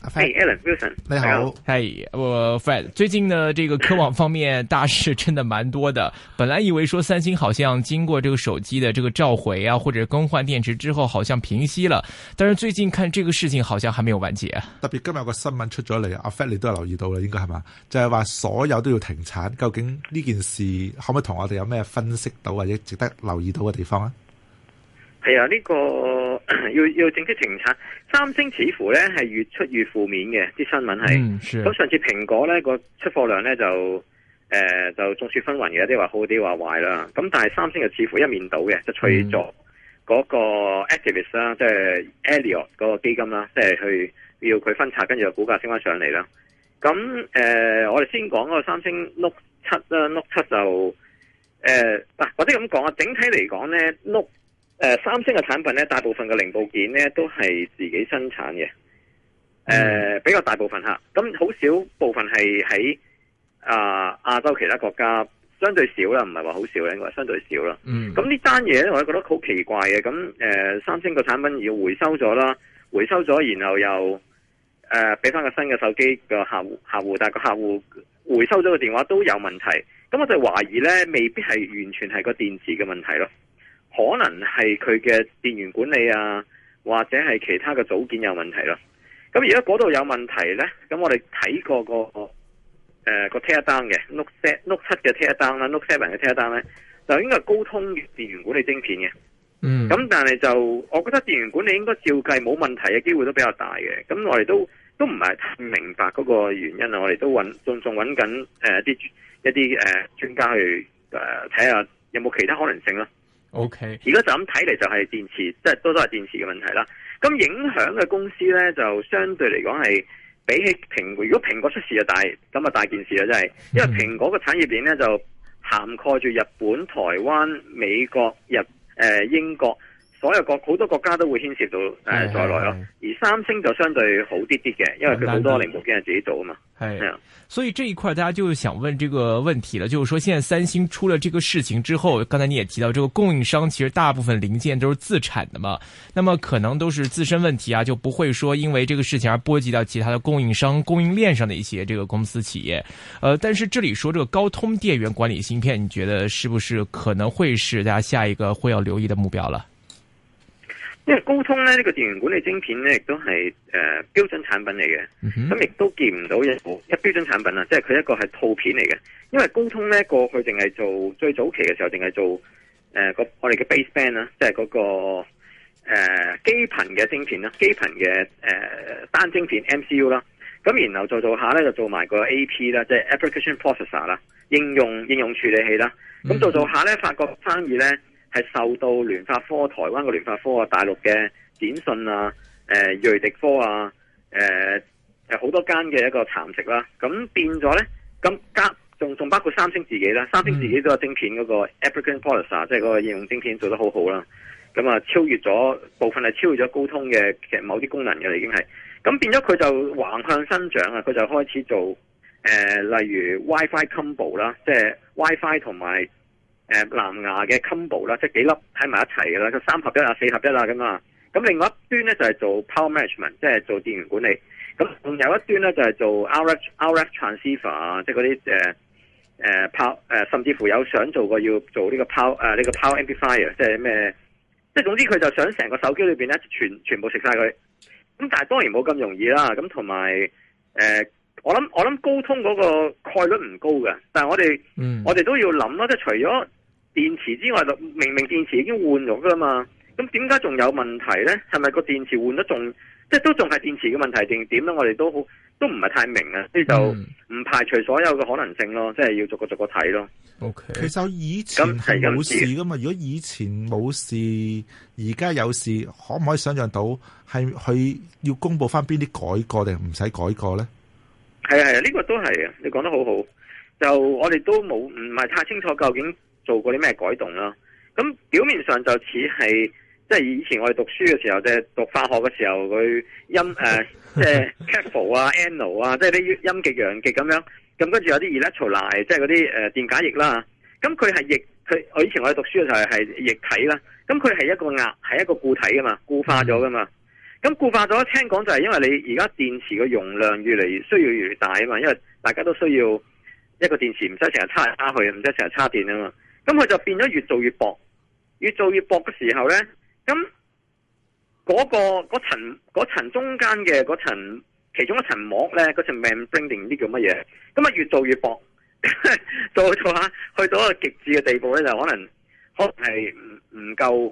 a、ah, hey, Alex Wilson，你好。喂，我 Fred，最近呢，這個科網方面大事真的蠻多的。本來以為說三星好像經過這個手機的這個召回啊，或者更換電池之後，好像平息了。但是最近看這個事情，好像還沒有完結。特別今日有個新聞出咗嚟，阿、啊、Fred、啊、你都留意到啦，應該係嘛？就係、是、話所有都要停產。究竟呢件事可唔可以同我哋有咩分析到、啊，或者值得留意到嘅地方啊？係啊，呢、這個要要正式停產。三星似乎咧係越出越負面嘅啲新聞係。咁、嗯、上次蘋果咧個出貨量咧就誒、呃、就眾說紛紜嘅，啲話好啲話壞啦。咁但係三星就似乎一面倒嘅，就催作嗰個 activist 啦、嗯，即係 Elliott 嗰個基金啦，即、就、係、是、去要佢分拆，跟住就股價升翻上嚟啦。咁誒、呃，我哋先講嗰個三星 Note 七啦，Note 七就誒，嗱、呃啊，或者咁講啊，整體嚟講咧 Note 誒，三星嘅產品咧，大部分嘅零部件咧都係自己生產嘅，誒、嗯呃，比較大部分吓，咁好少部分係喺啊亞洲其他國家，相對少啦，唔係話好少，應該相對少啦。嗯，咁呢單嘢咧，我都覺得好奇怪嘅，咁、呃、誒，三星個產品要回收咗啦，回收咗然後又誒俾翻個新嘅手機個客戶客戶，但係個客戶回收咗個電話都有問題，咁我就懷疑咧，未必係完全係個電池嘅問題咯。可能係佢嘅電源管理啊，或者係其他嘅組件有問題咯。咁而家嗰度有問題咧，咁我哋睇過個誒、呃、個 T1 單嘅 Note7 Note 七嘅 T1 單啦，NoteSeven 嘅 T1 單咧，就應該係高通嘅電源管理晶片嘅。嗯，咁但係就我覺得電源管理應該照計冇問題嘅機會都比較大嘅。咁我哋都都唔係太明白嗰個原因啊。我哋都揾仲仲揾緊誒啲一啲誒專家去誒睇下有冇其他可能性囉。O K，而家就咁睇嚟就係電池，即係都都係電池嘅問題啦。咁影響嘅公司呢就相對嚟講係比起蘋果，果如果蘋果出事就大，咁啊大件事啦，真係，因為蘋果嘅產業鏈呢就涵蓋住日本、台灣、美國、日誒、呃、英國。所有國好多國家都會牽涉到誒在內咯，是是是，而三星就相對好啲啲嘅，因為佢好多零部件係自己做嘛。係啊，所以這一塊大家就想問這個問題了，就是說，現在三星出了這個事情之後，剛才你也提到，這個供應商其實大部分零件都是自產的嘛，那麼可能都是自身問題啊，就不會說因為這個事情而波及到其他的供應商、供應鏈上的一些這個公司企業。呃，但是這裡說這個高通電源管理芯片，你覺得是不是可能會是大家下一個會要留意的目標了？因為高通咧呢、這個電源管理晶片咧亦都係誒標準產品嚟嘅，咁、嗯、亦都見唔到一一標準產品啦，即係佢一個係套片嚟嘅。因為高通咧過去淨係做最早期嘅時候淨係，淨係做誒個我哋嘅 baseband 啦，即係嗰個誒基頻嘅晶片啦，基頻嘅誒單晶片 MCU 啦，咁然後做做下咧就做埋個 AP 啦，即係 application processor 啦，應用應用處理器啦，咁、嗯、做做下咧發覺生意咧。係受到聯發科、台灣嘅聯發科啊、大陸嘅展訊啊、誒、呃、鋭迪科啊、誒有好多間嘅一個蠶食啦。咁變咗咧，咁加仲仲包括三星自己啦。三星自己都有晶片嗰個 Application Processor 即係嗰個應用晶片做得好好啦。咁啊，超越咗部分係超越咗高通嘅其實某啲功能嘅已經係。咁變咗佢就橫向生長啊！佢就開始做誒、呃，例如 WiFi Combo 啦，即係 WiFi 同埋。誒、呃、藍牙嘅 combo 啦，即係幾粒喺埋一齊嘅啦，三合一啊、四合一啊咁啊。咁另外一端咧就係、是、做 power management，即係做電源管理。咁仲有一端咧就係、是、做 RF、RF transceiver 啊，即係嗰啲誒 pow 甚至乎有想做過要做呢個 pow 誒、呃、呢、這個 power amplifier，即係咩？即係總之佢就想成個手機裏面咧，全全部食晒佢。咁但係當然冇咁容易啦。咁同埋誒，我諗我諗高通嗰個概率唔高嘅，但係我哋、嗯、我哋都要諗咯，即係除咗。電池之外，就明明電池已經換咗噶嘛，咁點解仲有問題咧？係咪個電池換得仲，即係都仲係電池嘅問題定點咧？我哋都好都唔係太明啊，呢就唔排除所有嘅可能性咯，即係要逐個逐個睇咯。OK，其實以前冇事噶嘛，如果以前冇事，而家有事，可唔可以想象到係佢要公布翻邊啲改過定唔使改過咧？係啊，係啊，呢個都係啊，你講得好好，就我哋都冇唔係太清楚究竟。做過啲咩改動啦？咁表面上就似係即係以前我哋讀書嘅時候，即係讀化學嘅時候，佢陰誒，即係 cathode 啊、anode 啊，即係啲陰極陽極咁樣。咁跟住有啲 electrolyte，即係嗰啲誒電解液啦。咁佢係液，佢以前我哋讀書嘅時候係液體啦。咁佢係一個壓，係一個固體噶嘛，固化咗噶嘛。咁固化咗，聽講就係因為你而家電池嘅容量越嚟越需要越大啊嘛，因為大家都需要一個電池唔使成日插嚟插去，唔使成日插電啊嘛。咁佢就變咗越做越薄，越做越薄嘅時候呢，咁嗰、嗰個嗰層嗰層中間嘅嗰層其中一層膜呢，嗰層 membrane 定唔知叫乜嘢，咁啊越做越薄， 做做下去到一個極致嘅地步呢，就可能可能係唔唔夠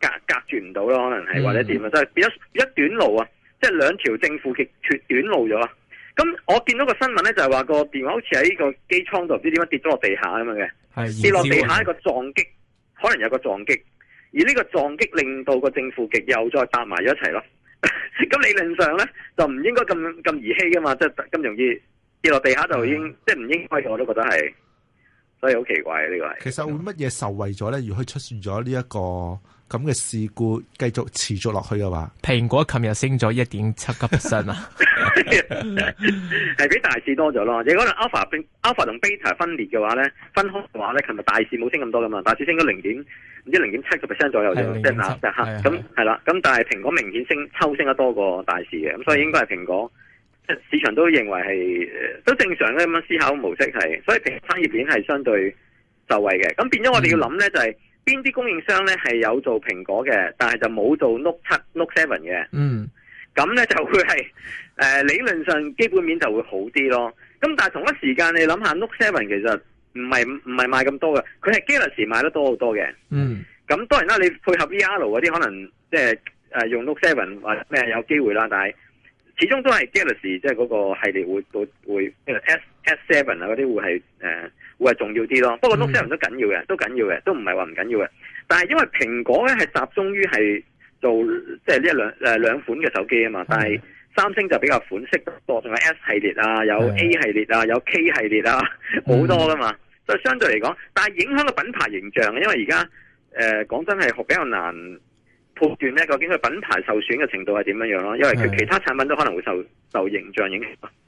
隔隔住唔到咯，可能係、mm-hmm. 或者點啊，就係、是、變咗一短路啊，即係兩條正負極脫短路咗。咁我見到個新聞呢，就係、是、話個電話好似喺個機艙度唔知點樣跌咗落地下咁樣嘅。跌落地下一個撞擊，可能有個撞擊，而呢個撞擊令到個正負極又再搭埋咗一齊咯。咁 理論上咧，就唔應該咁咁兒戲噶嘛，即係咁容易跌落地下就已經即係唔應該嘅，我都覺得係。所以好奇怪啊！呢個係其實會乜嘢受惠咗咧？如果出現咗呢一個咁嘅事故，繼續持續落去嘅話，蘋果琴日升咗一點七 percent 啊，係 比大市多咗咯。如果能 alpha alpha 同 beta 分裂嘅話咧，分開嘅話咧，琴日大市冇升咁多噶嘛？大市升咗零點唔知零點七個 percent 左右啫，即係嗱，咁係啦。咁但係蘋果明顯升，抽升得多過大市嘅，咁所以應該係蘋果。市場都認為係都正常咧，咁嘅思考模式係，所以其實產業鏈係相對受惠嘅。咁變咗我哋要諗呢、就是，就係邊啲供應商呢係有做蘋果嘅，但係就冇做 Note 七 Note seven 嘅。嗯，咁呢就會係誒、呃、理論上基本面就會好啲咯。咁但係同一時間你諗下 Note seven 其實唔係唔係賣咁多嘅，佢係 Galaxy 賣得多好多嘅。嗯，咁當然啦，你配合 E L 嗰啲可能即係誒用 Note seven 或者咩有機會啦，但係。始終都係 Galaxy 即係嗰個系列會會、呃 S, S7 啊、會，S S Seven 啊嗰啲會係誒會係重要啲咯。不過 Note Seven 都緊要嘅，都緊要嘅，都唔係話唔緊要嘅。但係因為蘋果咧係集中於係做即係呢一兩誒兩款嘅手機啊嘛。Mm. 但係三星就比較款式多，同埋 S 系列啊，有 A 系列啊，mm. 有 K 系列啊，好多噶嘛。所以相對嚟講，但係影響個品牌形象嘅因為而家誒講真係比較難。判斷呢，究竟佢品牌受損嘅程度係點樣樣咯？因為佢其他產品都可能會受受形象影響。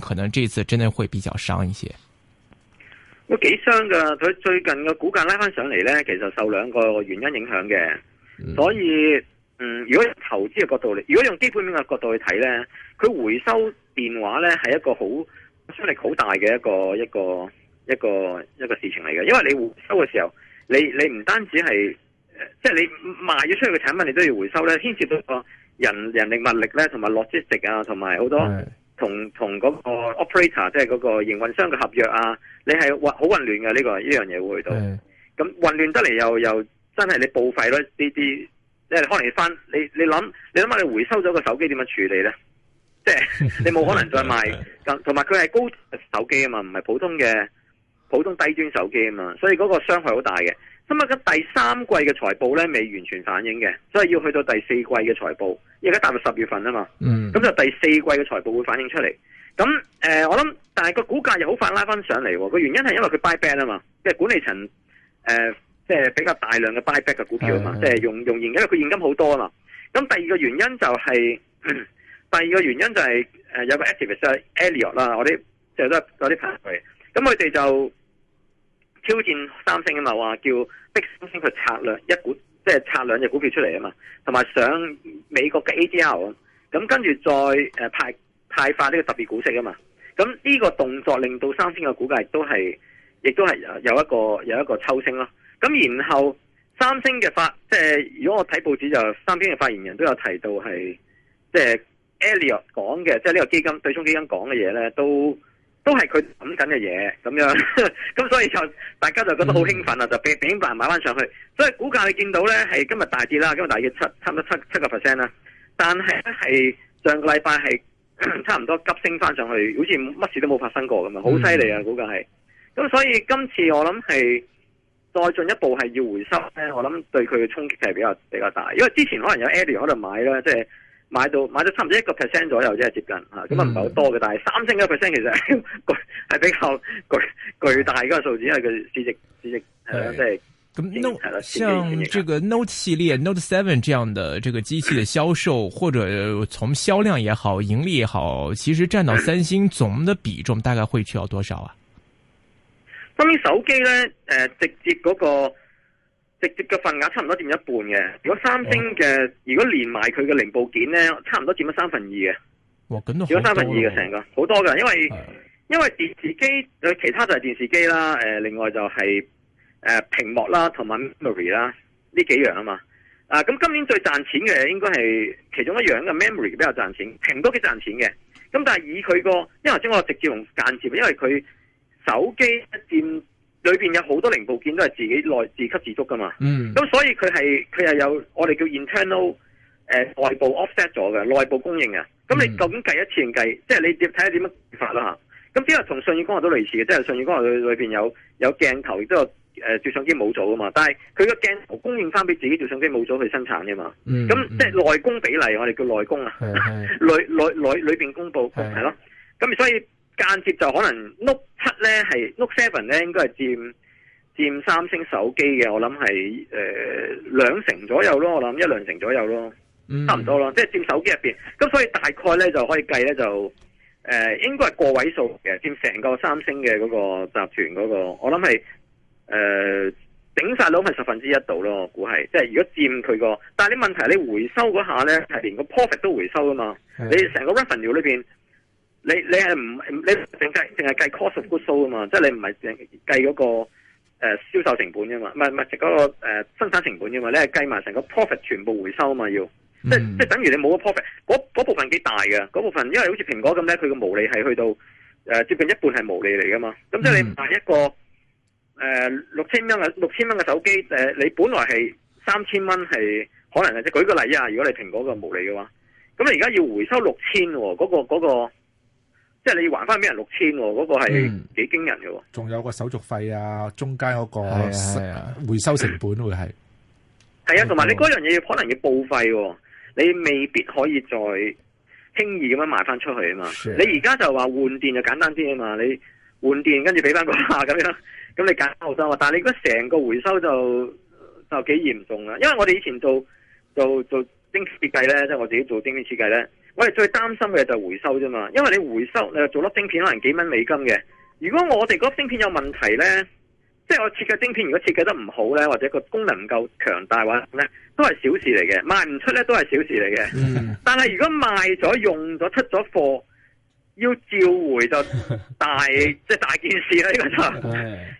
可能這次真的會比較傷一些。我幾傷噶，佢最近嘅股價拉翻上嚟呢，其實受兩個原因影響嘅。所以，嗯，嗯，如果用投資嘅角度嚟，如果用基本面嘅角度去睇呢，佢回收電話呢係一個好出力好大嘅一個一個一個一個，一個事情嚟嘅。因為你回收嘅時候，你你唔單止係，即係你賣咗出去嘅產品，你都要回收呢，牽涉到個人人力物力呢，同埋 logistics 啊，同埋好多、嗯。同同嗰個 operator 即係嗰個營運商嘅合約啊，你係混好混亂嘅呢個呢樣嘢會到，咁、嗯、混亂得嚟又又真係你報廢咯呢啲，即係可能翻你你諗你諗下你，你回收咗個手機點樣處理咧，即 係 你冇可能再賣，同埋佢係高手機啊嘛，唔係普通嘅普通低端手機啊嘛，所以嗰個傷害好大嘅。咁啊，佢第三季嘅財報咧，未完全反映嘅，所以要去到第四季嘅財報，而家達到十月份啊嘛，咁、嗯、就第四季嘅財報會反映出嚟。咁誒、呃，我諗，但係個股價又好快拉翻上嚟，個原因係因為佢 buy back 啊嘛，即係管理層誒、呃，即係比較大量嘅 buy back 嘅股票啊嘛，即、嗯、係、就是、用用現金，因為佢現金好多啦。咁第二個原因就係、是，第二個原因就係、是、誒、呃、有一個 activist 啊，Elliot 啦，我啲即係都嗰啲朋友，咁佢哋就。挑戰三星啊嘛，話叫逼三星去拆兩一股，即係拆兩隻股票出嚟啊嘛，同埋上美國嘅 ADR，咁跟住再誒派派發呢個特別股息啊嘛，咁呢個動作令到三星嘅股價亦都係，亦都係有一個有一個抽升咯。咁然後三星嘅發，即係如果我睇報紙就三星嘅發言人都有提到係、就是，即係 Elliott 講嘅，即係呢個基金對沖基金講嘅嘢咧都。都係佢諗緊嘅嘢咁樣，咁所以就大家就覺得好興奮啦、嗯，就俾俾錢買翻上去。所以股價你見到呢，係今日大跌啦，今日大跌七，差唔多七七個 percent 啦。但係呢，係上個禮拜係差唔多急升翻上去，好似乜事都冇發生過咁樣，好犀利啊、嗯！股價係。咁所以今次我諗係再進一步係要回收呢。我諗對佢嘅衝擊係比較比較大，因為之前可能有 Adrian 喺度買啦，即係。買到買咗差唔多一個 percent 左右，即係接近嚇，咁、嗯、啊唔係好多嘅，但係三星一個 percent 其實係 比較巨巨大嗰個數字，因為佢市值市值。對。咁、呃、Note，像這個 Note 系列 Note Seven 這樣的這個機器嘅銷售，或者從銷量也好、盈利也好，其實佔到三星總的比重，大概會去到多少啊？關於手機咧，誒、呃、直接嗰、那個。直接嘅份額差唔多佔一半嘅。如果三星嘅、哦，如果連埋佢嘅零部件咧，差唔多佔咗三分二嘅。哇，咁都好佔咗三分二嘅成個，好多嘅。因為因為電視機，其他就係電視機啦。誒，另外就係、是、誒、呃、屏幕啦，同埋 memory 啦，呢幾樣啊嘛。啊、呃，咁今年最賺錢嘅應該係其中一樣嘅 memory 比較賺錢，屏都幾賺錢嘅。咁但係以佢個，因為即係我直接用間接，因為佢手機佔。裏邊有好多零部件都係自己內自給自足噶嘛，咁、嗯、所以佢係佢係有我哋叫 internal，誒、呃、內部 offset 咗嘅內部供應啊。咁、嗯、你究竟計一次定計，即係你點睇下點樣法啦吓。咁呢個同信義光學都類似嘅，即係信義光學裏裏邊有有鏡頭，亦都有誒照相機模組啊嘛。但係佢個鏡頭供應翻俾自己照相機模組去生產嘅嘛。咁、嗯、即係內供比例，我哋叫內供啊，內內內裏邊公布係咯。咁、嗯、所以。間接就可能 Note 七咧係 Note Seven 咧應該係佔佔三星手機嘅，我諗係誒兩成左右咯，我諗一兩成左右咯，mm-hmm. 差唔多咯，即係佔手機入面，咁所以大概咧就可以計咧就誒、呃、應該係個位數嘅佔成個三星嘅嗰個集團嗰、嗰個，我諗係誒頂晒到咪十分之一度咯，我估係。即係如果佔佢個，但係你問題你回收嗰下咧係連個 profit 都回收㗎嘛，mm-hmm. 你成個 Revenue 裏邊。你你係唔你淨計淨係計 cost of goods sold 啊嘛，嗯、即係你唔係計計嗰個誒銷、呃、售成本噶嘛，唔係唔係淨嗰個誒、呃、生產成本噶嘛，你係計埋成個 profit 全部回收啊嘛要，即、嗯、即係等於你冇個 profit，嗰部分幾大嘅，嗰部分因為好似蘋果咁咧，佢個毛利係去到誒、呃、接近一半係毛利嚟噶嘛。咁、嗯、即係你賣一個誒六千蚊嘅六千蚊嘅手機，誒、呃、你本來係三千蚊係可能係即係舉個例啊，如果你蘋果嘅毛利嘅話，咁你而家要回收六千喎，嗰、嗰個個。嗰個即係你還翻俾人六千，嗰個係幾驚人嘅。仲有個手續費啊，中間嗰個回收成本會係，係啊，同埋、啊啊那個、你嗰樣嘢可能要報廢、啊，你未必可以再輕易咁樣賣翻出去啊嘛。啊你而家就話換電就簡單啲啊嘛，你換電跟住俾翻個客咁樣，咁你揀後生啊。但係你嗰成個回收就就幾嚴重啦、啊，因為我哋以前做做做精設計咧，即係我自己做精面設計咧。我哋最擔心嘅就係回收啫嘛，因為你回收你做粒晶片可能幾蚊美金嘅，如果我哋嗰粒晶片有問題呢，即係我設計晶片如果設計得唔好呢，或者個功能唔夠強大話呢，都係小事嚟嘅，賣唔出呢，都係小事嚟嘅。嗯、但係如果賣咗用咗出咗貨，要召回就大即係 大件事啦呢、呢個就，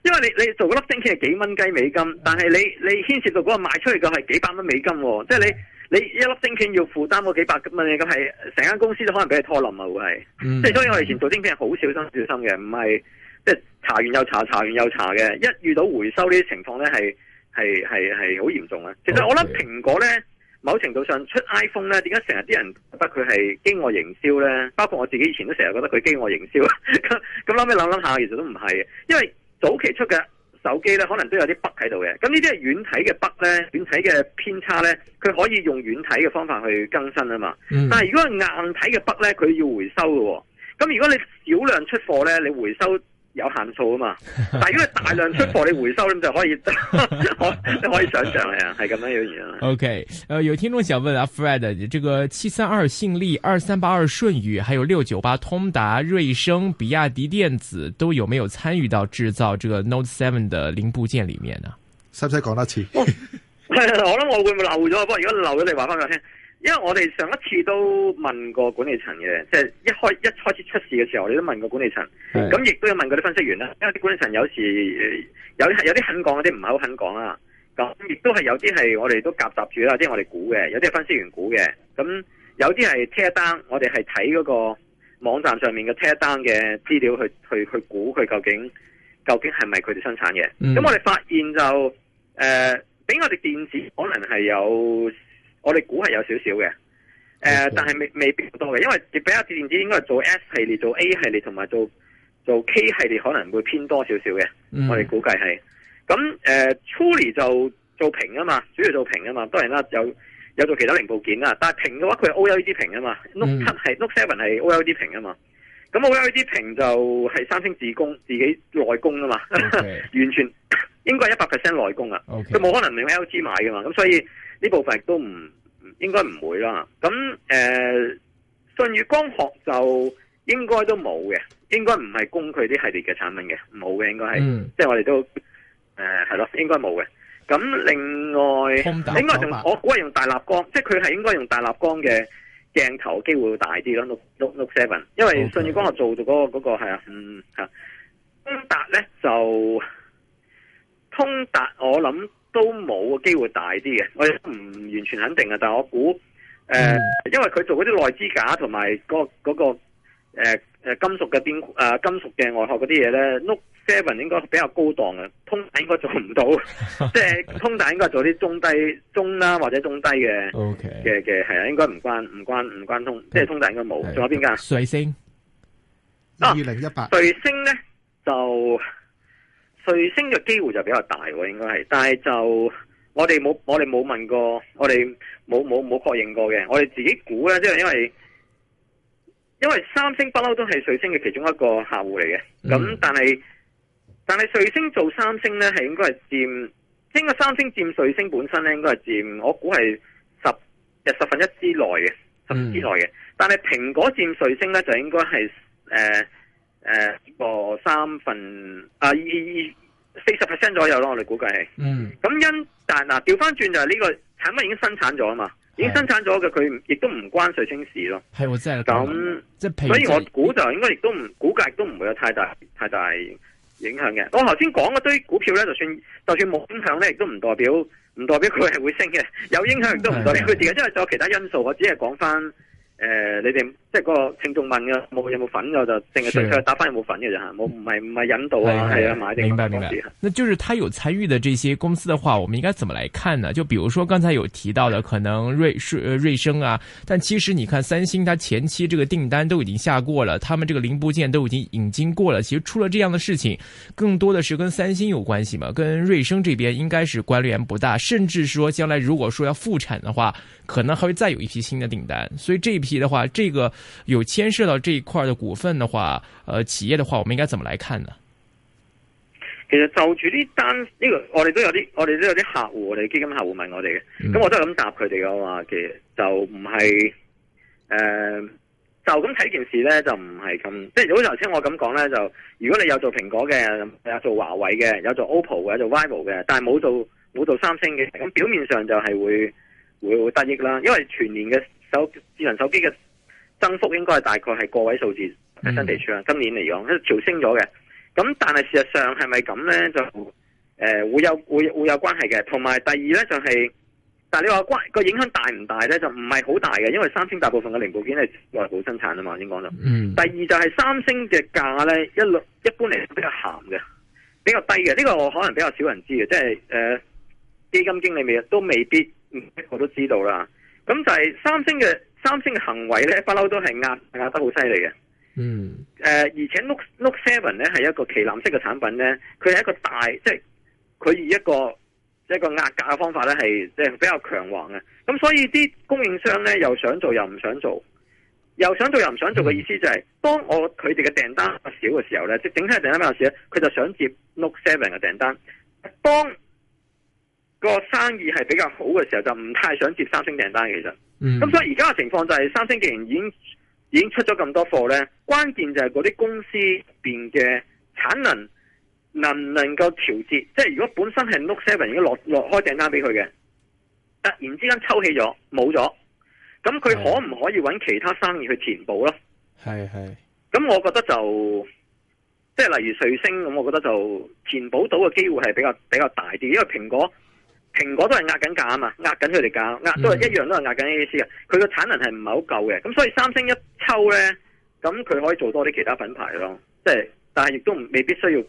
因為你你做嗰粒晶片係幾蚊雞美金，但係你你牽涉到嗰個賣出去嘅係幾百蚊美金，即係你。你一粒晶片要負擔嗰幾百蚊嘅咁，係成間公司都可能俾你拖冧啊！會係，即、嗯、係，所以我以前做晶片係好小心小心嘅，唔係即係查完又查，查完又查嘅。一遇到回收呢啲情況咧，係係係係好嚴重啊！其實我諗蘋果咧，某程度上出 iPhone 咧，點解成日啲人覺得佢係飢餓營銷咧？包括我自己以前都成日覺得佢飢餓營銷，咁咁諗一諗諗下，其實都唔係，因為早期出嘅。手機咧，可能都有啲筆喺度嘅。咁呢啲係軟體嘅筆咧，軟體嘅偏差咧，佢可以用軟體嘅方法去更新啊嘛、嗯。但係如果係硬體嘅筆咧，佢要回收㗎喎。咁如果你少量出貨咧，你回收。有限數啊嘛，但係如果大量出貨你回收你就可以， 可以想象嚟啊，係咁樣嘅原 O K，誒，有聽眾想問啊，Fred，這個七三二信利、二三八二順宇，還有六九八通達、瑞聲、比亞迪電子都有沒有參與到製造這個 Note Seven 的零部件裏面呢？使唔使講多次？ 我諗我，我會留咗，不過而家留咗嚟話翻佢先。因為我哋上一次都問過管理層嘅，即係一開一開始出事嘅時候，我哋都問過管理層，咁亦都有問過嗰啲分析員啦。因為啲管理層有時有有啲肯講，有啲唔係好肯講啦。咁亦都係有啲係我哋都夾雜住啦，有啲係我哋估嘅，有啲係分析員估嘅。咁有啲係 tear down，我哋係睇嗰個網站上面嘅 tear down 嘅資料去去去估佢究竟究竟係咪佢哋生產嘅。咁、嗯、我哋發現就誒，俾、呃、我哋電子可能係有。我哋估係有少少嘅，誒、呃，okay. 但係未未必好多嘅，因為比較電子應該係做 S 系列、做 A 系列同埋做做 K 系列可能會偏多少少嘅。我哋估計係咁，誒、嗯呃、，Truly 就做屏啊嘛，主要做屏啊嘛。當然啦，有有做其他零部件啦，但係屏嘅話，佢係 OLED 屏啊嘛。Note 七係 Note seven 係 OLED 屏啊嘛。咁 OLED 屏就係三星自供自己內供啊嘛，完、okay. 全 應該係一百 percent 內供啊。佢、okay. 冇可能用 LG 買嘅嘛，咁所以。呢部分亦都唔唔應該唔會啦。咁誒、呃，信譽光學就應該都冇嘅，應該唔係供佢啲系列嘅產品嘅，冇嘅應該係、嗯，即係我哋都誒係咯，應該冇嘅。咁另外，另外仲我估係用大立光，嗯、即係佢係應該用大立光嘅鏡頭機會大啲咯。Note 7，因為信譽光學做咗嗰、嗰個嗰係啊，嗯嚇。通達咧就通達，我諗。都冇機會大啲嘅，我哋唔完全肯定啊！但係我估，誒、呃，因為佢做嗰啲內支架同埋嗰嗰個誒、那個呃、金屬嘅電誒金屬嘅外殼嗰啲嘢咧 Note 7應該比較高檔嘅，通達應該做唔到， 即係通達應該做啲中低中啦、啊、或者中低嘅嘅嘅，係、okay. 啊，應該唔關唔關唔關通， 即係通達應該冇。仲 有邊間？瑞星啊，二零一八。瑞星咧就。瑞星嘅機會就比較大喎，應該係，但係就我哋冇我哋冇問過，我哋冇冇冇確認過嘅，我哋自己估咧，即係因為因為三星不嬲都係瑞星嘅其中一個客戶嚟嘅，咁但係、mm. 但係瑞星做三星呢，係應該係佔，應該三星佔瑞星本身呢，應該係佔我估係十日十分一之內嘅，十分之內嘅，但係蘋果佔瑞星呢，就應該係誒。呃誒、呃，個三分啊，二二四十 percent 左右咯，我哋估計係。嗯。咁因但嗱，調翻轉就係呢個產品已經生產咗啊嘛，已經生產咗嘅，佢亦都唔關稅清事咯。係喎，真係。咁即係，所以我估就應該亦都唔，估計亦都唔會有太大、嗯、太大影響嘅。我頭先講嗰堆股票咧，就算就算冇影響咧，亦都唔代表唔代表佢係會升嘅。有影響亦都唔代表佢自己，因為仲有其他因素。我只係講翻。呃你哋即係個聽眾問嘅，冇有冇份我就淨係對佢打翻有冇份嘅咋嚇，冇唔係唔係引導啊，係啊買定明白明白、啊。那就是他有參與的這些公司的話，我們應該怎麼來看呢？就比如說剛才有提到的，可能瑞瑞聲啊，但其實你看三星，他前期這個訂單都已經下過了，他們這個零部件都已經引進過了。其實出了這樣的事情，更多的是跟三星有關係嘛，跟瑞聲這邊應該是關聯不大。甚至說將來如果說要復產的話，可能還會再有一批新的訂單，所以這一批。其實就住呢單呢、呢個，我哋都有啲，我哋都有啲客戶，我哋基金客戶問我哋嘅，咁、嗯、我都係咁答佢哋嘅話，其實就唔係誒，就咁睇件事呢，就唔係咁，即係好似頭先我咁講呢，就如果你有做蘋果嘅，有做華為嘅，有做 OPPO 嘅，有做 VIVO 嘅，但係冇做冇做三星嘅，咁表面上就係會會會得益啦，因為全年嘅。手智能手機嘅增幅應該係大概係個位數字喺新地處啦、嗯，今年嚟講，因為調升咗嘅。咁但係事實上係咪咁咧？就誒、呃、會有會會有關係嘅。同埋第二咧就係、是，但係你話關個影響大唔大咧？就唔係好大嘅，因為三星大部分嘅零部件係外好生產啊嘛。先講咗。第二就係三星嘅價咧，一一般嚟講比較咸嘅，比較低嘅。呢、這個我可能比較少人知嘅，即係誒、呃、基金經理未都未必，我都知道啦。咁就係三星嘅三星嘅行為咧，不嬲都係壓壓得好犀利嘅。嗯、呃。而且 Note, Note 7 o Seven 咧係一個旗艦式嘅產品咧，佢係一個大，即係佢以一個一個壓價嘅方法咧，係即係比較強橫嘅。咁所以啲供應商咧又想做又唔想做，又想做又唔想做嘅意思就係、是，當我佢哋嘅訂單少嘅時候咧，即、就、係、是、整體嘅訂單比較少，佢就想接 Note Seven 嘅訂單。當那個生意係比較好嘅時候，就唔太想接三星訂單。其實，咁、嗯、所以而家嘅情況就係、是、三星既然已經已經出咗咁多貨呢，關鍵就係嗰啲公司邊嘅產能能唔能夠調節？即係如果本身係 Note Seven 已經落落開訂單俾佢嘅，突然之間抽起咗冇咗，咁佢可唔可以揾其他生意去填補咯？係係，咁我覺得就即係例如瑞聲，咁，我覺得就填補到嘅機會係比較比較大啲，因為蘋果。蘋果都係壓緊價啊嘛，壓緊佢哋價，壓都係一樣都，都係壓緊呢啲嘢嘅。佢個產能係唔係好夠嘅，咁所以三星一抽咧，咁佢可以做多啲其他品牌咯。即係，但係亦都未必需要，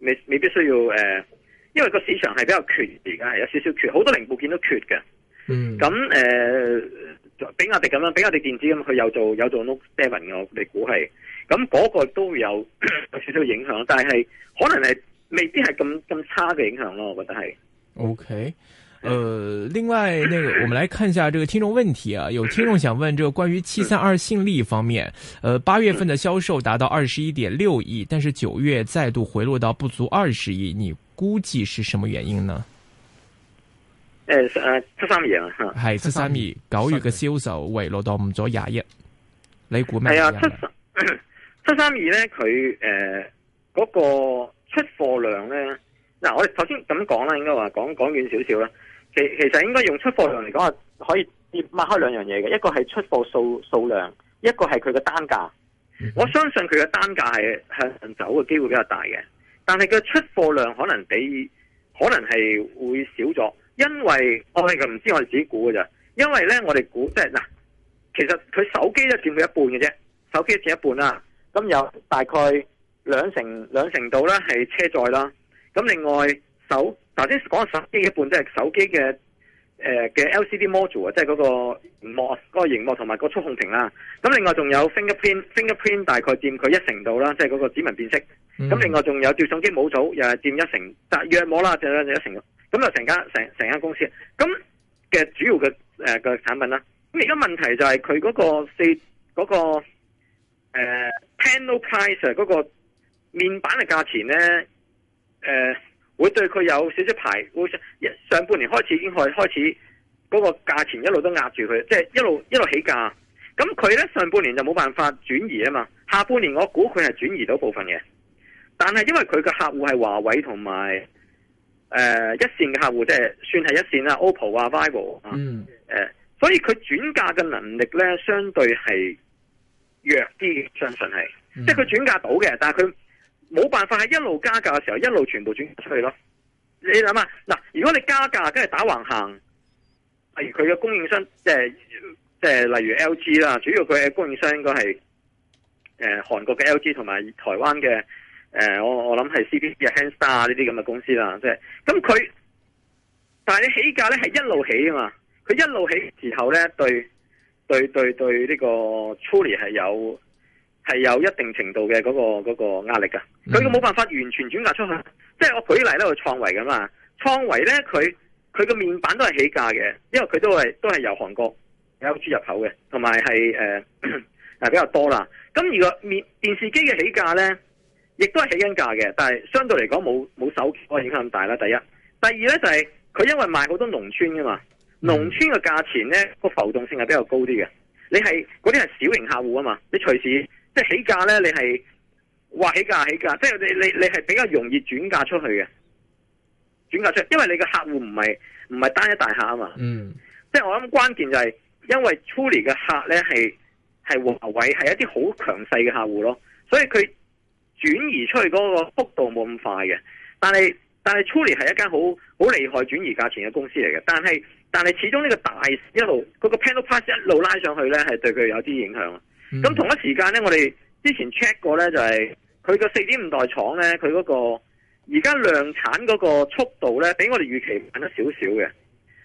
未未必需要誒、呃，因為個市場係比較缺而家，係有少少缺，好多零部件都缺嘅。嗯、咁、呃、誒，比亞迪咁樣，比亞迪電子咁，佢有做有做 Note Seven 嘅，我哋估係。咁、那、嗰個都會有， 有少少影響，但係可能係未必係咁咁差嘅影響咯，我覺得係。OK，呃，另外那個，我們來看一下這個聽眾問題啊，有聽眾想問這個關於七三二信利方面，呃，八月份的銷售達到二十一點六億，但是九月再度回落到不足二十億，你估計是什麼原因呢？誒，呃，七三二啊，係七三二，九月嘅銷售回落到唔咗廿億，你估咩係啊，七三七三二咧，佢誒、呃那個出貨量咧。嗱、啊，我哋頭先咁講啦，應該話講講遠少少啦。其其實應該用出貨量嚟講話，可以抹開兩樣嘢嘅，一個係出貨數數量，一個係佢嘅單價、嗯。我相信佢嘅單價係向上走嘅機會比較大嘅，但係佢出貨量可能比可能係會少咗，因為我哋就唔知我哋自己估嘅啫。因為咧，我哋估即係嗱，其實佢手機都佔佢一半嘅啫，手機佔一半啦，咁、嗯、有大概兩成兩成度啦係車載啦。咁另外手，頭先講手機一半，即係手機嘅嘅、呃、LCD module 啊，即係嗰個熒幕嗰個熒幕同埋個觸控屏啦。咁另外仲有 finger print，finger print 大概佔佢一成度啦，即係嗰個指紋辨識。咁、嗯、另外仲有照相機模組，又係佔一成，但係約摸啦，就一成咁就成家成成間公司咁嘅主要嘅嘅產品啦。咁而家問題就係佢嗰個四嗰、嗰個、嗰個嗰個呃、panel price 嗰個面板嘅價錢咧。誒、呃，會對佢有少少排，會上半年開始已經係開始嗰個價錢一路都壓住佢，即係一路一路起價。咁佢咧，上半年就冇辦法轉移啊嘛，下半年我估佢係轉移到部分嘅，但係因為佢嘅客戶係華為同埋誒一線嘅客戶，即係算係一線啦，OPPO 啊、Vivo 啊，誒、嗯呃，所以佢轉嫁嘅能力咧相對係弱啲，相信係，嗯、即係佢轉嫁到嘅，但係佢。冇辦法喺一路加價嘅時候，一路全部轉出去咯。你諗下，嗱，如果你加價跟住打橫行，例如佢嘅供應商，即係即係例如 L G 啦，主要佢嘅供應商應該係誒韓國嘅 L G 同埋台灣嘅誒、呃，我我諗係 CB 嘅 HannStar 啊呢啲咁嘅公司啦，即係咁佢，但係你起價咧係一路起啊嘛，佢一路起時候咧對對對對呢個 Truly 係有。係有一定程度嘅嗰個嗰個壓力噶，佢冇辦法完全轉嫁出去。即係我舉個例咧，我創維噶嘛，創維咧佢佢個面板都係起價嘅，因為佢都係都係由韓國 LG 入口嘅，同埋係誒誒比較多啦。咁如果面電視機嘅起價咧，亦都係起緊價嘅，但係相對嚟講冇冇手機個影響咁大啦。第一，第二咧就係佢因為賣好多農村噶嘛，農村嘅價錢咧個浮動性係比較高啲嘅。你係嗰啲係小型客戶啊嘛，你隨時。即係起價咧，你係話起價起價，即係你你你係比較容易轉嫁出去嘅，轉嫁出去，去因為你個客戶唔係唔係單一大客啊嘛。嗯。即係我諗關鍵就係、是，因為 Truly 嘅客咧係係華為係一啲好強勢嘅客戶咯，所以佢轉移出去嗰個幅度冇咁快嘅。但係但係 Truly 係一間好好厲害轉移價錢嘅公司嚟嘅。但係但係始終呢個大一路嗰個 Panel Pass 一路拉上去咧，係對佢有啲影響。咁、mm-hmm. 同一時間咧，我哋之前 check 過咧，就係佢個四點五代廠咧，佢嗰個而家量產嗰個速度咧，比我哋預期慢咗少少嘅。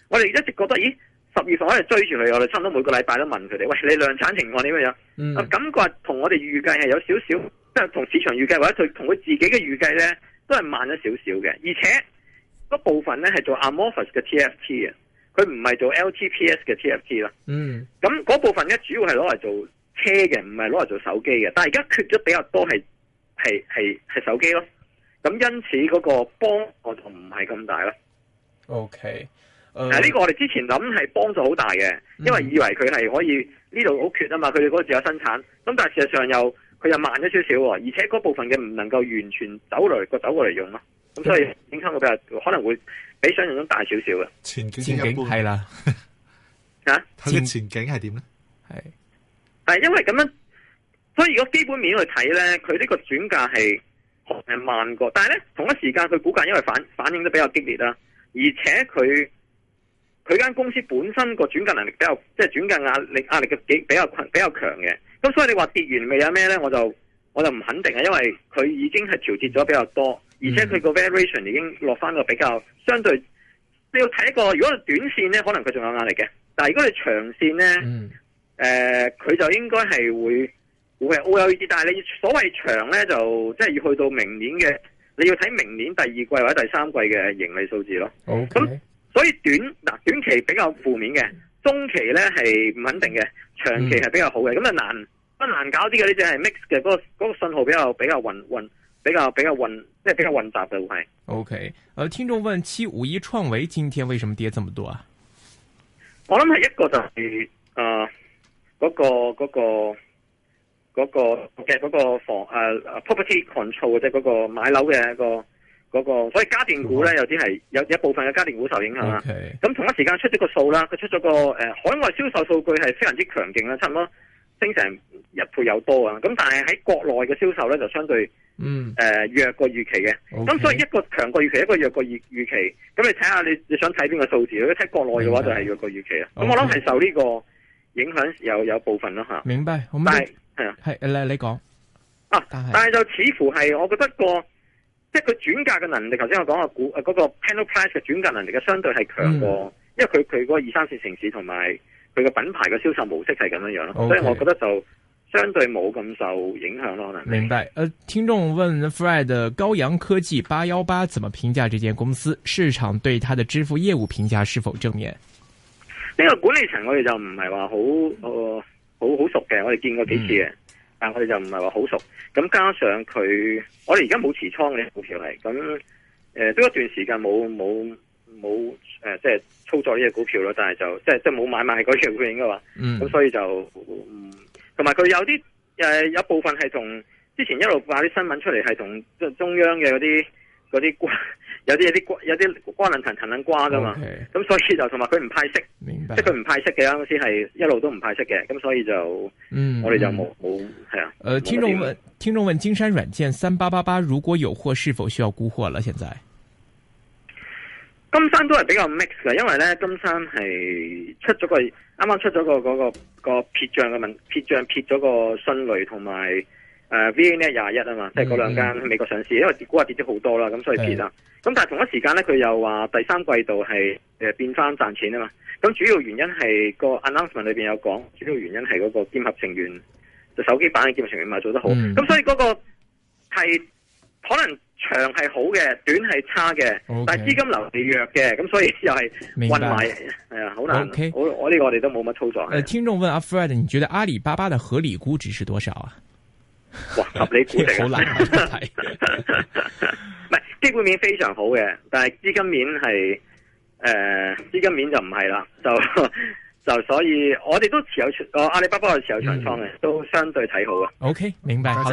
我哋一直覺得，咦，十月份我哋追住佢，我哋差唔多每個禮拜都問佢哋，喂，你量產情況點樣樣？啊、mm-hmm.，感覺同我哋預計係有少少，即係同市場預計或者同佢自己嘅預計咧，都係慢咗少少嘅。而且嗰部分咧係做 amorphous 嘅 TFT 嘅，佢唔係做 LTPS 嘅 TFT 啦。嗯、mm-hmm.。咁、那、嗰、個、部分咧主要係攞嚟做車嘅唔係攞嚟做手機嘅，但係而家缺咗比較多係係係係手機咯。咁因此嗰個幫我同唔係咁大啦。OK，誒、呢、啊，這個我哋之前諗係幫助好大嘅，因為以為佢係可以呢度好缺啊嘛，佢哋嗰度自己有生產。咁但係事實上又佢又慢咗少少，而且嗰部分嘅唔能夠完全走嚟個走過嚟用咯。咁、嗯、所以影響比較可能會比想象中大少少嘅前景係啦。吓？佢嘅前景係點咧？係。但係因為咁樣，所以如果基本面去睇咧，佢呢個轉嫁係係慢過，但係咧，同一時間佢股價因為反反應得比較激烈啦，而且佢佢間公司本身個轉嫁能力比較，即係轉嫁壓力壓力嘅幾比較困比較強嘅。咁所以你話跌完未有咩咧？我就我就唔肯定啊，因為佢已經係調節咗比較多，而且佢個 variation 已經落翻個比較相對。嗯、你要睇一個，如果你短線咧，可能佢仲有壓力嘅，但係如果你長線咧，嗯。誒、呃，佢就應該係會會係好有啲，但係你所謂長咧就即係要去到明年嘅，你要睇明年第二季或者第三季嘅盈利數字咯。好咁，所以短嗱短期比較負面嘅，中期咧係唔穩定嘅，長期係比較好嘅，咁、嗯、啊難不難搞啲嘅呢？只係 mix 嘅嗰個、那個信號比較比較混混，比較比較混，即係比較混雜嘅會係。OK，而聽眾問：七五一創維今天為什麼跌這麼多啊？我諗係一個就係、是、誒。呃嗰、那個嗰、那個嗰、那個嘅嗰、那個房誒、uh, property control 即係嗰個買樓嘅一個嗰、那個，所以家電股咧有啲係有一部分嘅家電股受影響啦。咁、okay. 同一時間出咗個數啦，佢出咗個誒、呃、海外銷售數據係非常之強勁啦，差唔多升成一倍有多啊。咁但係喺國內嘅銷售咧就相對嗯誒、呃、弱過預期嘅。咁、okay. 所以一個強過預期，一個弱過預預期。咁你睇下你你想睇邊個數字？如果睇國內嘅話就係弱過預期啦。咁、okay. 我諗係受呢、這個。影響有有部分咯嚇，明白好明係啊係，嚟你講啊，但係但係就似乎係我覺得個即係佢轉嫁嘅能力，頭先我講個股嗰個 panel price 嘅轉嫁能力嘅相對係強過，嗯、因為佢佢嗰個二三線城市同埋佢嘅品牌嘅銷售模式係咁樣樣咯、嗯，所以我覺得就相對冇咁受影響咯，可能明白。呃，聽眾問 Fred 高陽科技八幺八，怎麼評價這間公司？市場對它的支付業務評價是否正面？呢個管理層我哋就唔係話好，好好熟嘅，我哋見過幾次嘅，嗯，但係我哋就唔係話好熟。咁加上佢，我哋而家冇持倉嘅、呢個、股票嚟，咁誒、呃、都一段時間冇冇冇誒，即係操作呢隻股票咯，但係就即係即係冇買賣嗰隻嘅應該話。咁、嗯、所以就，同埋佢有啲誒，有部分係同之前一路掛啲新聞出嚟係同中央嘅嗰啲嗰啲。有啲有啲瓜，有啲瓜棱藤藤捻瓜噶嘛，咁所以就同埋佢唔派息，即係佢唔派息嘅公司係一路都唔派息嘅，咁所以就，有有以就嗯、我哋就冇冇係啊。誒、呃，聽眾問，聽眾問金山軟件三八八八，如果有貨，是否需要沽貨了？現在金山都係比較 mix 嘅，因為咧金山係出咗個啱啱出咗個嗰、那個、那個那個撇賬嘅問，撇賬撇咗個迅雷同埋。誒，V n 呢廿一啊嘛，即係嗰兩間美國上市，因為股跌股啊跌咗好多啦，咁所以跌啦。咁但係同一時間咧，佢又話第三季度係誒變翻賺錢啊嘛。咁主要原因係個 announcement 裏邊有講，主要原因係嗰個兼合成員就是、手機版嘅兼合成員咪做得好。咁、mm-hmm. 所以嗰個係可能長係好嘅，短係差嘅，okay. 但係資金流係弱嘅，咁所以又係混埋嚟。係啊，好、 嗯、難。Okay. 我我呢個我哋都冇乜操作嘅。誒、呃，聽眾問 a、啊、Fred 你覺得阿里巴巴嘅合理估值是多少啊？哇，合理估值啊，唔 係看 基本面非常好嘅，但係資金面係誒資金面就唔係啦，就就所以我哋都持有出、哦，阿里巴巴係持有長倉嘅、嗯，都相對睇好啊。O、okay, K，明白。